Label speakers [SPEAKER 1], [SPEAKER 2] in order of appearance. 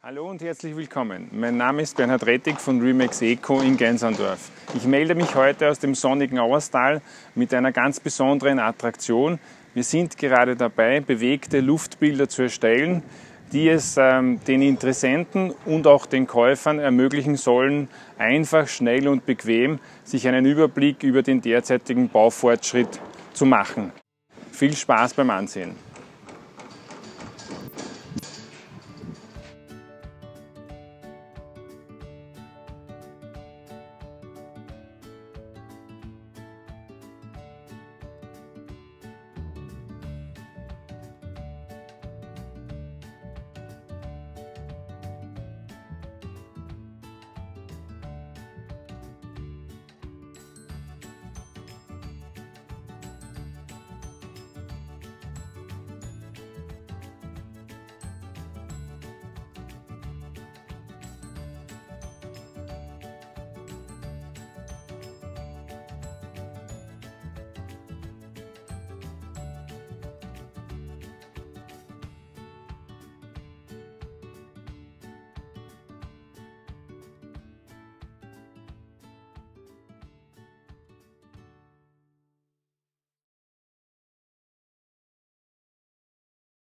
[SPEAKER 1] Hallo und herzlich willkommen. Mein Name ist Bernhard Rettig von Remax Eco in Gensandorf. Ich melde mich heute aus dem sonnigen Auerstal mit einer ganz besonderen Attraktion. Wir sind gerade dabei, bewegte Luftbilder zu erstellen, die es ähm, den Interessenten und auch den Käufern ermöglichen sollen, einfach, schnell und bequem sich einen Überblick über den derzeitigen Baufortschritt zu machen. Viel Spaß beim Ansehen!